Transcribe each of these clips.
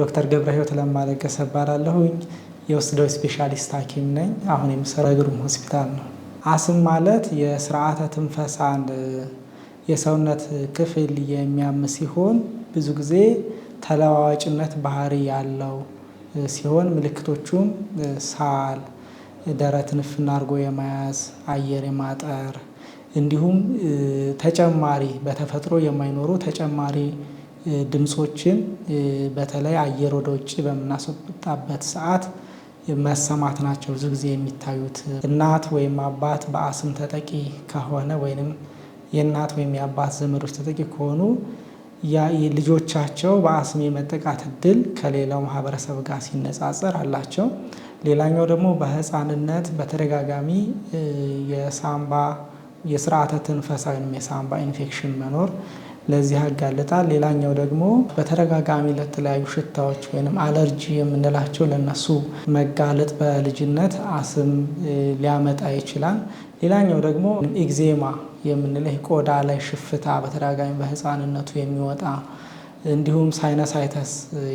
ዶክተር ገብረ ህይወት ለማ እባላለሁኝ። የውስጥ ደዌ ስፔሻሊስት ሐኪም ነኝ። አሁን የምሰራው ግሩም ሆስፒታል ነው። አስም ማለት የስርዓተ ትንፈሳን የሰውነት ክፍል የሚያም ሲሆን ብዙ ጊዜ ተለዋዋጭነት ባህሪ ያለው ሲሆን ምልክቶቹም ሳል፣ ደረትን ንፍና አድርጎ የመያዝ፣ አየር የማጠር እንዲሁም ተጨማሪ በተፈጥሮ የማይኖሩ ተጨማሪ ድምፆችን በተለይ አየር ወደ ውጭ በምናስወጣበት ሰዓት መሰማት ናቸው ብዙ ጊዜ የሚታዩት። እናት ወይም አባት በአስም ተጠቂ ከሆነ ወይም የእናት ወይም የአባት ዘመዶች ተጠቂ ከሆኑ ልጆቻቸው በአስም የመጠቃት እድል ከሌላው ማህበረሰብ ጋር ሲነጻጸር አላቸው። ሌላኛው ደግሞ በህፃንነት በተደጋጋሚ የሳምባ የስርዓተ ትንፈሳ ወይም የሳምባ ኢንፌክሽን መኖር ለዚህ ያጋልጣል። ሌላኛው ደግሞ በተደጋጋሚ ለተለያዩ ሽታዎች ወይም አለርጂ የምንላቸው ለነሱ መጋለጥ በልጅነት አስም ሊያመጣ ይችላል። ሌላኛው ደግሞ ኤግዜማ የምንለው ቆዳ ላይ ሽፍታ በተደጋጋሚ በህፃንነቱ የሚወጣ እንዲሁም ሳይነሳይተስ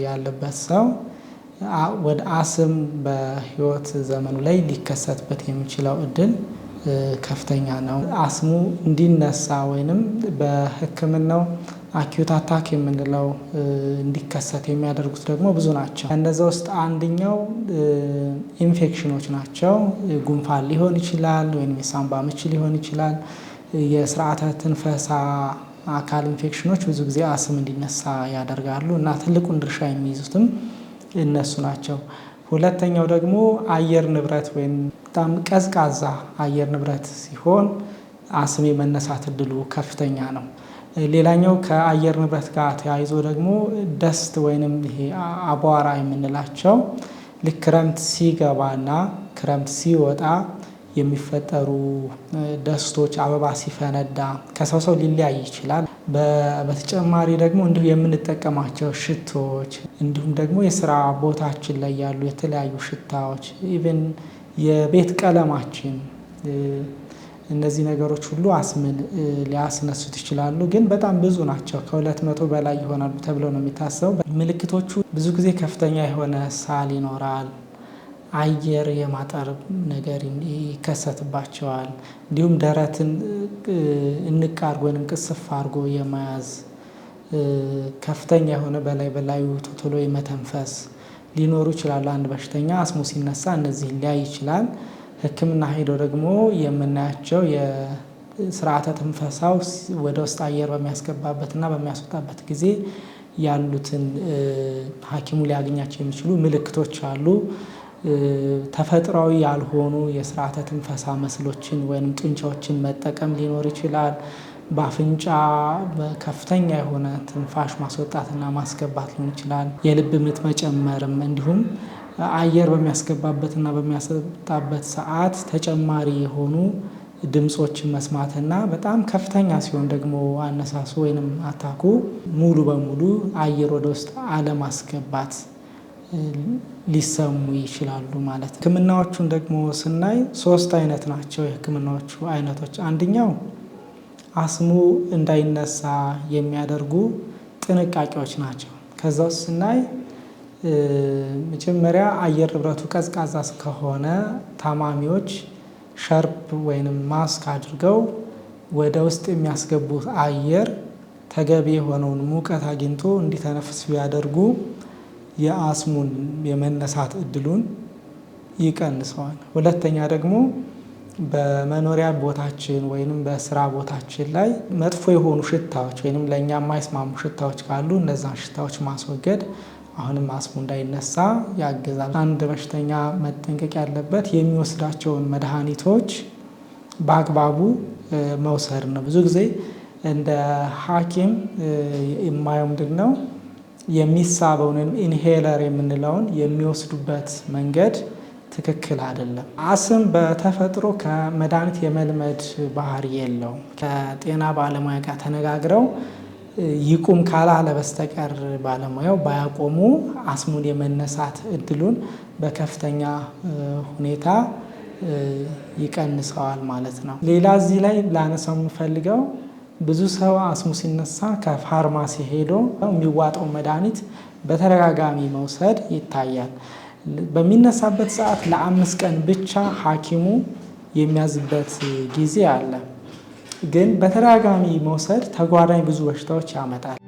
ያለበት ሰው ወደ አስም በህይወት ዘመኑ ላይ ሊከሰትበት የሚችለው እድል ከፍተኛ ነው። አስሙ እንዲነሳ ወይንም በሕክምናው አኪዩት አታክ የምንለው እንዲከሰት የሚያደርጉት ደግሞ ብዙ ናቸው። ከነዚ ውስጥ አንደኛው ኢንፌክሽኖች ናቸው። ጉንፋን ሊሆን ይችላል፣ ወይም የሳምባ ምች ሊሆን ይችላል። የስርዓተ ትንፈሳ አካል ኢንፌክሽኖች ብዙ ጊዜ አስም እንዲነሳ ያደርጋሉ እና ትልቁን ድርሻ የሚይዙትም እነሱ ናቸው። ሁለተኛው ደግሞ አየር ንብረት ወይም በጣም ቀዝቃዛ አየር ንብረት ሲሆን አስም የመነሳት እድሉ ከፍተኛ ነው። ሌላኛው ከአየር ንብረት ጋር ተያይዞ ደግሞ ደስት ወይንም ይሄ አቧራ የምንላቸው ልክ ክረምት ሲገባና ክረምት ሲወጣ የሚፈጠሩ ደስቶች አበባ ሲፈነዳ ከሰው ሰው ሊለያይ ይችላል። በተጨማሪ ደግሞ እንዲሁ የምንጠቀማቸው ሽቶዎች እንዲሁም ደግሞ የስራ ቦታችን ላይ ያሉ የተለያዩ ሽታዎች ኢቨን የቤት ቀለማችን እነዚህ ነገሮች ሁሉ አስምን ሊያስነሱት ይችላሉ። ግን በጣም ብዙ ናቸው። ከሁለት መቶ በላይ ይሆናሉ ተብለው ነው የሚታሰበው። ምልክቶቹ ብዙ ጊዜ ከፍተኛ የሆነ ሳል ይኖራል። አየር የማጠርብ ነገር ይከሰትባቸዋል። እንዲሁም ደረትን እንቅ አርጎ ወይም ቅስፍ አርጎ የመያዝ ከፍተኛ የሆነ በላይ በላዩ ቶሎ የመተንፈስ ሊኖሩ ይችላሉ። አንድ በሽተኛ አስሙ ሲነሳ እነዚህን ሊያይ ይችላል። ሕክምና ሄዶ ደግሞ የምናያቸው የስርዓተ ትንፈሳው ወደ ውስጥ አየር በሚያስገባበትና በሚያስወጣበት ጊዜ ያሉትን ሐኪሙ ሊያገኛቸው የሚችሉ ምልክቶች አሉ። ተፈጥሯዊ ያልሆኑ የስርዓተ ትንፈሳ መስሎችን ወይም ጡንቻዎችን መጠቀም ሊኖር ይችላል። በአፍንጫ በከፍተኛ የሆነ ትንፋሽ ማስወጣትና ማስገባት ሊሆን ይችላል። የልብ ምት መጨመርም እንዲሁም አየር በሚያስገባበትና በሚያስወጣበት ሰዓት ተጨማሪ የሆኑ ድምፆችን መስማትና በጣም ከፍተኛ ሲሆን ደግሞ አነሳሱ ወይንም አታኩ ሙሉ በሙሉ አየር ወደ ውስጥ አለማስገባት ሊሰሙ ይችላሉ ማለት ነው። ህክምናዎቹን ደግሞ ስናይ ሶስት አይነት ናቸው የህክምናዎቹ አይነቶች አንደኛው አስሙ እንዳይነሳ የሚያደርጉ ጥንቃቄዎች ናቸው። ከዛ ውስጥ ስናይ መጀመሪያ አየር ንብረቱ ቀዝቃዛ ከሆነ ታማሚዎች ሸርፕ ወይንም ማስክ አድርገው ወደ ውስጥ የሚያስገቡት አየር ተገቢ የሆነውን ሙቀት አግኝቶ እንዲተነፍስ ቢያደርጉ የአስሙን የመነሳት እድሉን ይቀንሰዋል። ሁለተኛ ደግሞ በመኖሪያ ቦታችን ወይንም በስራ ቦታችን ላይ መጥፎ የሆኑ ሽታዎች ወይንም ለእኛ የማይስማሙ ሽታዎች ካሉ እነዛን ሽታዎች ማስወገድ አሁንም አስሙ እንዳይነሳ ያግዛል። አንድ በሽተኛ መጠንቀቅ ያለበት የሚወስዳቸውን መድኃኒቶች በአግባቡ መውሰድ ነው። ብዙ ጊዜ እንደ ሐኪም የማየው ምንድን ነው የሚሳበውን ወይም ኢንሄለር የምንለውን የሚወስዱበት መንገድ ትክክል አይደለም። አስም በተፈጥሮ ከመድኃኒት የመልመድ ባህሪ የለውም። ከጤና ባለሙያ ጋር ተነጋግረው ይቁም ካላለ በስተቀር ባለሙያው ባያቆሙ አስሙን የመነሳት እድሉን በከፍተኛ ሁኔታ ይቀንሰዋል ማለት ነው። ሌላ እዚህ ላይ ላነሳው የምፈልገው ብዙ ሰው አስሙ ሲነሳ ከፋርማሲ ሄዶ የሚዋጠው መድኃኒት በተደጋጋሚ መውሰድ ይታያል። በሚነሳበት ሰዓት ለአምስት ቀን ብቻ ሐኪሙ የሚያዝበት ጊዜ አለ። ግን በተደጋጋሚ መውሰድ ተጓዳኝ ብዙ በሽታዎች ያመጣል።